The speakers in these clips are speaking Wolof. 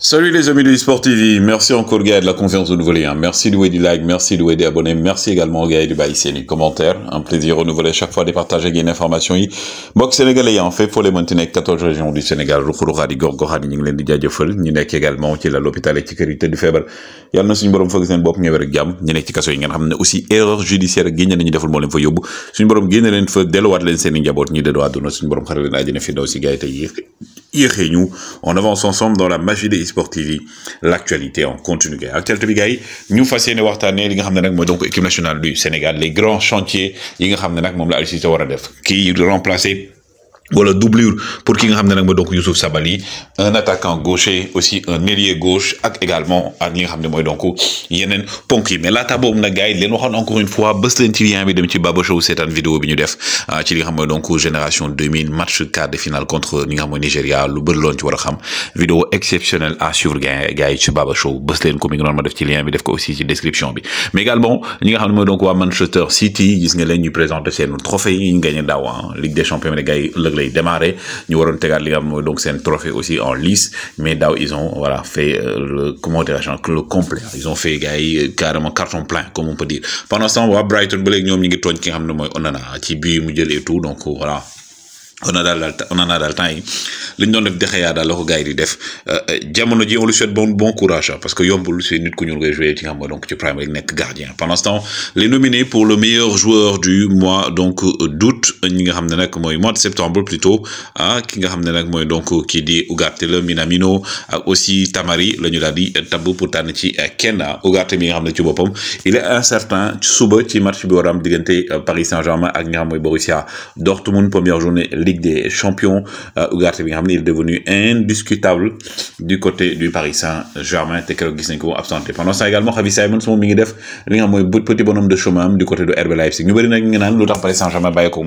Salut les amis de eSport TV, merci encore Gaël de la confiance renouvelée. Hein. Merci de louer du like, merci de louer des abonnés, merci également Gaël de baisser les commentaires. Un plaisir renouvelé chaque fois de partager des informations. Box sénégalais en hein. fait pour les Montenegro 14 régions du Sénégal. Roukhouroukha di gorgoxa di ñu ngi leen di est à l'hôpital également ci la l'hôpital et ci kër yi tëdd feebar yàlla na suñu borom fëgg seen bopp ñëw rek jàmm ñu nekk ci kaso yi ngeen xam ne aussi erreur judiciaire génne nañu deful moo leen fa yóbbu suñu borom génne leen fa delluwaat leen seen i njaboot ñi dëddu àdduna suñu borom xare leen àjjana fi daw si gaay tey et nous, on avance ensemble dans la magie des Sport TV l'actualité en continu gars actualité bi gars yi ñu fas yéene waxtaanee li nga donc équipe nationale du Sénégal les grands chantiers yi nga xam ne nag moom la def remplacer voilà doublure pour qui nous avons donc Youssouf Sabali un attaquant gaucher aussi un ailier gauche ak également ak li nga xam donc Yenen ponk mais là tabou na gars len waxone encore une fois bës len ci lien bi dem ci Baba Show cette vidéo bi ñu def ah, ci li nga xam donc génération 2000 match quart de finale contre li nga xam mooy lu bëri ci wara xam vidéo exceptionnelle à suivre gars gars ci Baba Show bës leen ko mi ngi ma def ci lien bi def ko aussi ci description bi mais également ñi nga xam donc wa Manchester City gis nga len ñu présenté seen trophée yi ñu gagné dawa hein, Ligue des champions gars lay démarrer ñu waron tégal li nga xam mooy donc trophée aussi en lice mais daw ils ont voilà fait euh, le comment dire le complet ils ont fait gars carrément carton plein comme on peut dire pendant ce temps wa Brighton ba léegi ñoom ñu ngi togn ki xamna moy Onana ci bi mu jël et tout donc voilà. on a dal on a daal temps li ñu doon def dexeyaa daal la ko di def euh, euh, jamono ji on lui souhaite bon bon courage hein, parce que yombul ci nit ku ñu ngi jouer ci nga xam donc ci Premier League gardien pendant ce temps les nominés pour le meilleur joueur du mois donc d'août août ñi nga mois de septembre plutôt ah ki nga xamné donc di Ugarte Minamino ak aussi Tamari le ñu tabu pour tànn ci kenna Ugarte mi nga ci il est incertain suba ci match bi war a Paris Saint-Germain ak nga moy Borussia Dortmund première journée Ligue des Champions euh, Ugarte bi nga il est devenu indiscutable du côté du Paris Saint-Germain té keroog gis ko absenté pendant ça également Xavi Simons moom mi ngi def nga petit bonhomme de chemin du côté de RB Leipzig ñu bari nak nga Paris Saint-Germain bàyyi ko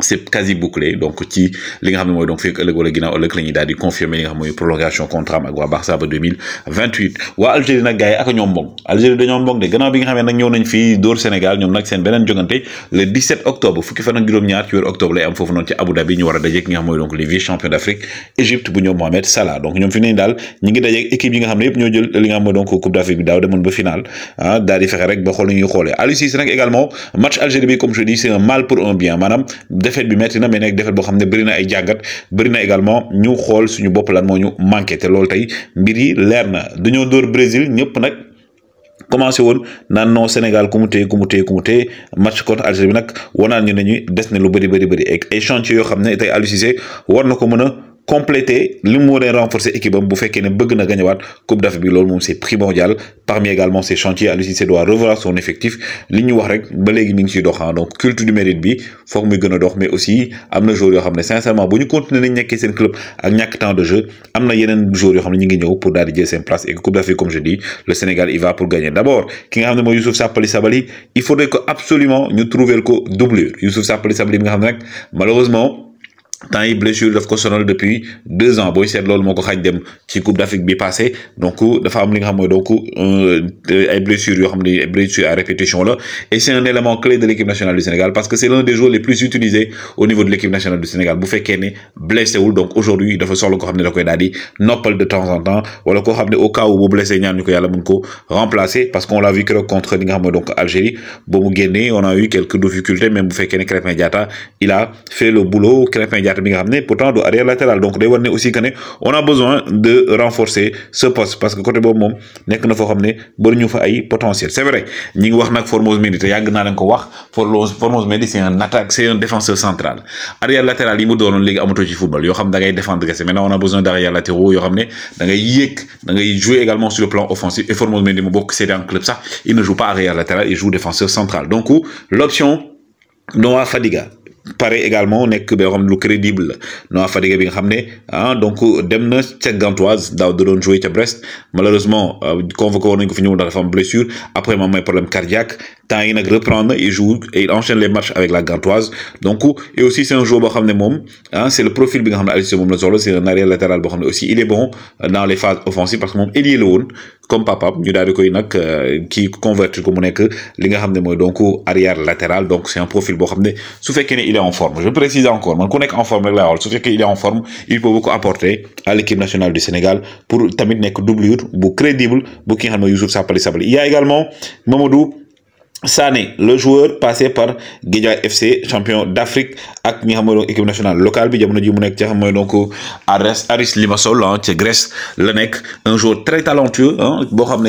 c'est quasi bouclé donc ci li nga xam moy donc fekk ëllëg wala ginnaaw ëllëg la ñuy di confirmer li nga xam prolongation contrat am ak Barça ba 2028 wa Algérie n'a gars ak ñom bok Algérie dañoo bok de gënaaw bi nga xam nak nag ñëw nañ fi dóor Sénégal ñom nak seen benen jogante le 17 octobre fukki fan ak juróom-ñaar ci weeru octobre lay am fofu non ci Abu Dhabi ñu wara dajé nga xam donc les vice champions d'Afrique Égypte bu ñoom Mohamed Salah donc ñom fi nañ dal ñi ngi dajeeg équipe yi nga xam ne yëpp ñoo jël li nga xam donc coupe d'Afrique bi daaw demone ba final hein daal di fexe rek ba xol ñuy xolé Aliou nak également match Algérie bi comme je dis c'est un mal pour un bien madame défaite bi metti na mais nekk défaite boo xam ne bëri na ay jàngat bëri na également ñu xool suñu bopp lan moo ñu manqué te loolu tey mbir yi leer na dañoo door Brésil ñëpp nag. commencé woon naan non Sénégal ku mu téye ku mu téye ku mu téye match contre Algérie bi nag wanaan ñu ne des na lu bëri bëri bëri ay chantier yoo xam ne tey Aliou war na ko mën a. compléter l'humour et renforcer équipe am bu fekkee ne bëgg na la coupe d'Afrique bi moom c'est primordial parmi également ces chantiers Aliou Cissé doit revoir son effectif li wax rek hein. donc culture du mérite bi foog muy mais aussi Amna na joueurs sincèrement si nous continuons nañ nekkee seen club ak ñàkk temps de jeu Amna na yeneen joueurs pour daal di place et coupe d'Afrique comme je dis le Sénégal il va pour gagner d'abord ki nga xam Youssouf il faudrait que absolument nous trouver le doublure Youssouf Sapaly Sabaly malheureusement tant il blessure daf ko sonal depuis deux ans boy c'est loolu moko xaj dem ci coupe d'Afrique bi passé donc dafa am li nga xam donc euh, ay blessures yo xam ni blessure à répétition là et c'est un élément clé de l'équipe nationale du Sénégal parce que c'est l'un des joueurs les plus utilisés au niveau de l'équipe nationale du Sénégal bu fekkee né blessé wul donc aujourd'hui dafa soxla ko xam ni da koy nopal de temps en temps wala ko xam ni au cas où bu blessé ñaan ñu ko yàlla mën ko remplacer parce qu'on l'a vu que contre li nga xam donc Algérie ba mu on a eu quelques difficultés même bu fekkee né Crépin diata il a fait le boulot Crépin Diatta yaata pourtant arrière latéral donc day war aussi que on a besoin de renforcer ce poste parce que côté bob mom nek na fo xamné ne fa ay potentiel c'est vrai ñi ngi wax nak Formose Mendy te yàgg naa leen ko wax Formose Formose c'est un attaque c'est un défenseur central arrière latéral yi mu doonoon léegi amatoo ci football yo xam da ngay défendre kese maintenant on a besoin d'arrière latéraux yo xamné da ngay yek da ngay jouer également sur le plan offensif et Formose Mendy mu bokk c'est un club ça il ne joue pas arrière latéral il joue défenseur central donc l'option Noah Fadiga parait également nek ba nga lu crédible non Noah Fadiga bi nga xamné hein ah donc dem na ca Gantoise da doon jouer ca Brest malheureusement euh, convoqué woon ko fi ñu dafa am blessure après ma may problème cardiaque il Taïnak reprendre, il joue et il enchaîne les matchs avec la Gantoise. Donc, et aussi, c'est un joueur, hein, c'est le profil, c'est un arrière latéral, aussi. Il est bon dans les phases offensives parce que mon ailier le comme papa, nous avons dit nak euh, qui convertit comme on nga que moy donc arrière latéral, donc c'est un profil, sous fait il est en forme. Je précise encore, on connaît en forme, là, su fekké qu'il est en forme, il peut beaucoup apporter à l'équipe nationale du Sénégal pour tamit nek doublure, bu crédible, bu qui Youssouf Sapali Sapali. Il y a également Mamadou Sané le joueur passé par Guédia FC champion d'Afrique ak ñi équipe nationale locale bi jamono ji mu donc Aris Limassol hein, Grèce le un joueur très talentueux hein,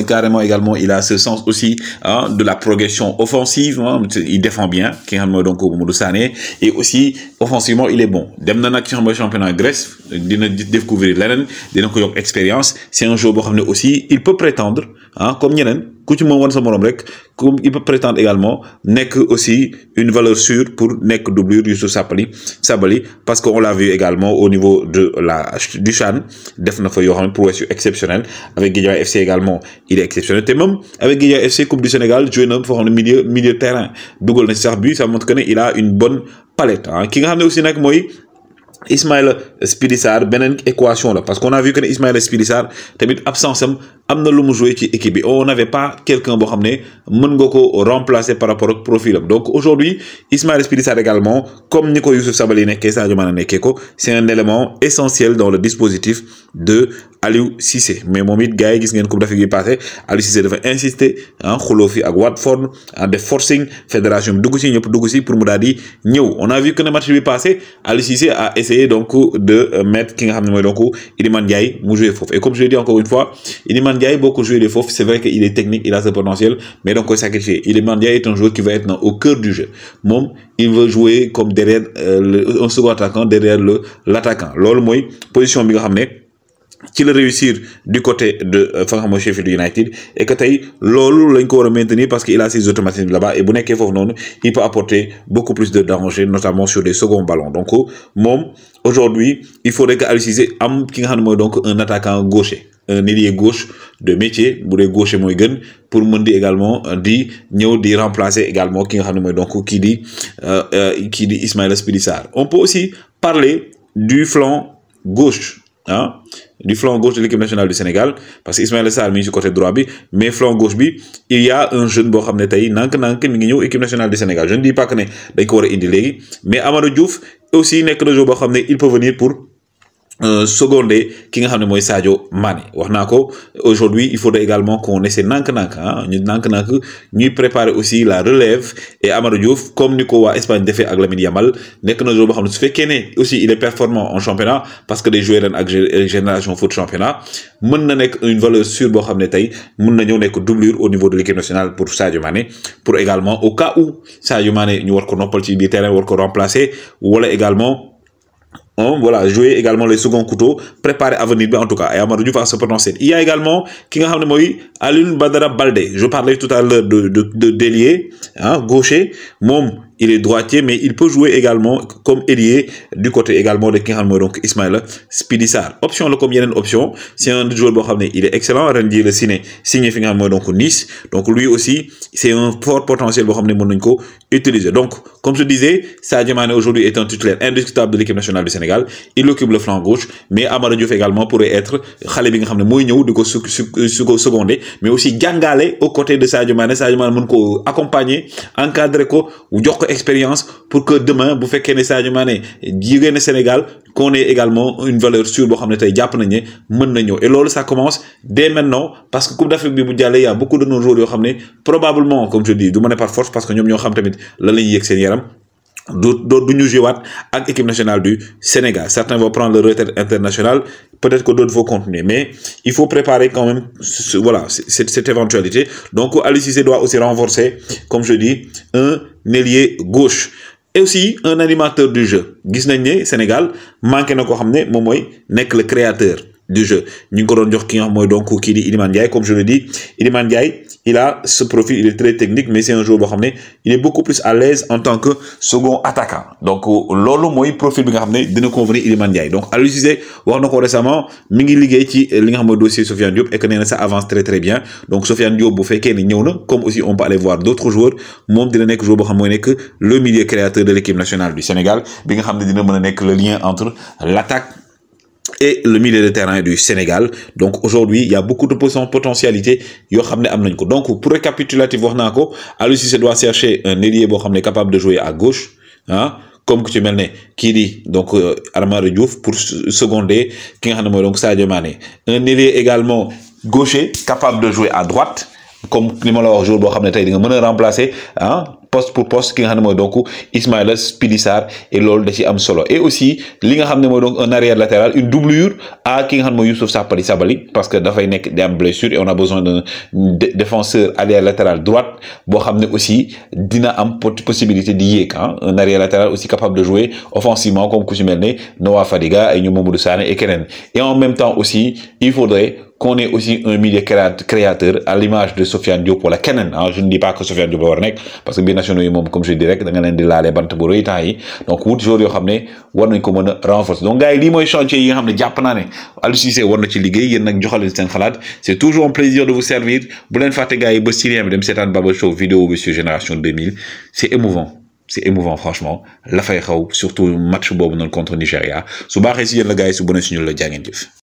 carrément également il a ce sens aussi hein, de la progression offensive hein, il défend bien ki xam au donc Sané et aussi offensivement il est bon qui qui nag ci xam championnat Grèce dina découvrir leneen dina ko yokk expérience c'est un joueur boo aussi il peut prétendre. Ah, comme ñeneen ku ci moom wan sa morom rek comme il peut prétendre également nekk aussi une valeur sûre pour nekk doublure Youssouf Sabaly Sabali parce que on l'a vu également au niveau de la du CHAN def na fa yo xam ne prouesse yu exceptionnelle avec Guédiawaye FC également il est exceptionnel te même avec Guédiawaye FC Coupe du Sénégal joué na fo xam milieu milieu terrain dugal na sax bi ça montre que il a une bonne palette hein ki nga xam aussi nag moy Ismaël Spirissar une équation là, parce qu'on a vu que Ismaël Spirissar tamit absence amna am équipe oh, on n'avait pas quelqu'un pour amener, Mungoko par rapport au profil donc aujourd'hui Ismaël Spirissar également comme Nico Youssef Sabaline, c'est un élément essentiel dans le dispositif de Aliou Cissé mais mon it gars yi gis ngeen coupe d'Afrique bi passé Aliou Cissé dafa insister en ah, Kholofi à ak Watford en ah, de forcing fédération bi dugg si ñëpp pour mu daal on a vu que ne match lui passé Aliou Cissé a essayé donc de mettre King nga xam donc Iliman Gaï, mu joué fof et comme je l'ai dit encore une fois Iliman Gaï, beaucoup jouer joué de c'est vrai qu'il est technique il a ce potentiel mais donc sacrifié Iliman Gaï est un joueur qui va être au cœur du jeu Mom, il veut jouer comme derrière euh, un second attaquant derrière le l'attaquant loolu position bi nga qu'il réussisse réussir du côté de euh, fa de United et que tey loolu l'encore ko maintenir parce qu'il a ses automatismes là-bas et bu il peut apporter beaucoup plus de danger notamment sur des seconds ballons donc aujourd'hui il faudrait que donc un attaquant gauche. un ailier gauche de métier Pour les gauche moy gën pour le monde également euh, dit ñeu di remplacer également ki nga qui donc euh, on peut aussi parler du flanc gauche Hein du flanc gauche de l'équipe nationale du Sénégal parce qu'Ismaël Ismaïla Sarr mi sur ci côté droit mais flanc gauche bi il y a un jeune boo xam nank-nank mi équipe nationale du Sénégal je ne dis pas que est dañ ko indi mais Amadou Diouf aussi il peut venir pour. Euh, secondé ki nga xamné moy de Sadio Mané waxna ko aujourd'hui il faudrait également qu'on essaie nank-nank hein, ñu nank-nank ñuy préparer aussi la relève et Amadou Diouf comme nous wa Espagne défé ak Lamine Yamal nek na bo xamné su aussi il est performant en championnat parce que les joueurs en ak euh, génération foot championnat mën na nek une valeur sûre bo xamné tay mën na ñeu nek doublure au niveau de l'équipe nationale pour Sadio Mané pour également au cas où Sadio Mané ñu war ko noppal ci bi terrain war ko remplacer wala également Hein, voilà jouer également les seconds couteau préparer à venir en tout cas Et Amadou Diouf à se prononcer il y a également qui nga Alun Badara Balde je parlais tout à l'heure de de hein, gaucher Mom il est droitier, mais il peut jouer également comme ailier du côté également de King donc Ismail Spidissar. Option, le comme d'options c'est un joueur, il est excellent, rendre le signe signé finalement donc Nice. Donc lui aussi, c'est un fort potentiel, Monaco utilisé. Donc, comme je disais, Sadio Mane aujourd'hui est un titulaire indiscutable de l'équipe nationale du Sénégal. Il occupe le flanc gauche, mais Amadou Diouf également pourrait être xale bi nga secondé mais aussi gangalé au côté de Sadio Mane Sadio Mane ko accompagner encadrer expérience pour que demain vous faites message de Mané jigéen au Sénégal qu'on ait également une valeur sûre Vous xamné tay japp et là, ça commence dès maintenant parce que Coupe d'Afrique bi bu y a beaucoup de nos joueurs probablement comme je dis du mané par force parce que nous, ñoo xam tamit la ligne extérieure. seen d'autres du avec l'équipe nationale du Sénégal. Certains vont prendre le retraite international, peut-être que d'autres vont continuer, mais il faut préparer quand même voilà, cette, éventualité. Donc Alicizé doit aussi renforcer, comme je dis, un ailier gauche. Et aussi un animateur du jeu. Gis Sénégal manque na ko xamné momoy le créateur du jeu Nous ngi ko doon jox ki donc comme je le dis Iliman Ndiaye il a ce profil il est très technique mais c'est un joueur qui il est beaucoup plus à l'aise en tant que second attaquant donc lolo mooy profil de nga xam dina convenir Iliman Ndiaye donc à l'usage, on a récemment Mingi ngi qui ci li nga dossier Sofiane Diop et que ça avance très très bien donc Sofiane Diop bu fekkee ne comme aussi on peut aller voir d'autres joueurs moom dina joueur le milieu créateur de l'équipe nationale du Sénégal bi le lien entre l'attaque et le milieu de terrain du Sénégal donc aujourd'hui il y a beaucoup de potentialité donc pour récapitulatif wax se ko doit chercher un ailier capable de jouer à gauche hein, comme tu tu donc euh, Armand Diouf pour seconder qui donc Sadio Mané un ailier également gaucher capable de jouer à droite comme ni joue la wax jour boo remplacer hein poste pour poste qui nga xam ne donc Ismaïla Spilissar et loolu da ci am solo et aussi li nga xamné donc un arrière latéral une doublure à qui nga xamné Youssouf Sabaly Sabali parce que dafay Nek day am blessure et on a besoin d'un défenseur arrière latéral droite qu'il y aussi dina am possibilité de yéeg hein. un arrière latéral aussi capable de jouer offensivement comme ku ci Noah Fadiga et ñu Mamadou et Kenen. et en même temps aussi il faudrait qu'on est aussi un milieu créateur à l'image de Sofiane Diop la keneen Hein. je ne dis pas que Sofiane Diop est war parce que bien nationaux comme je disais rek da nga leen di laalee bant bu rëy yi donc wut joueurs yoo xam ne war nañ ko mën renforcer donc gars yi lii mooy chantier yi nga xam ne jàpp naa ne Aliou Cissé war na ci liggéey yéen nag joxal toujours un plaisir de vous servir Bonne fête, gars et ba Mais même dem seetaan Baba Show vidéo Monsieur Génération 2000 c'est émouvant c'est émouvant franchement la fay xaw surtout match boobu non contre Nigeria. Sous baaxee si le gars yi su bonee suñu la jaa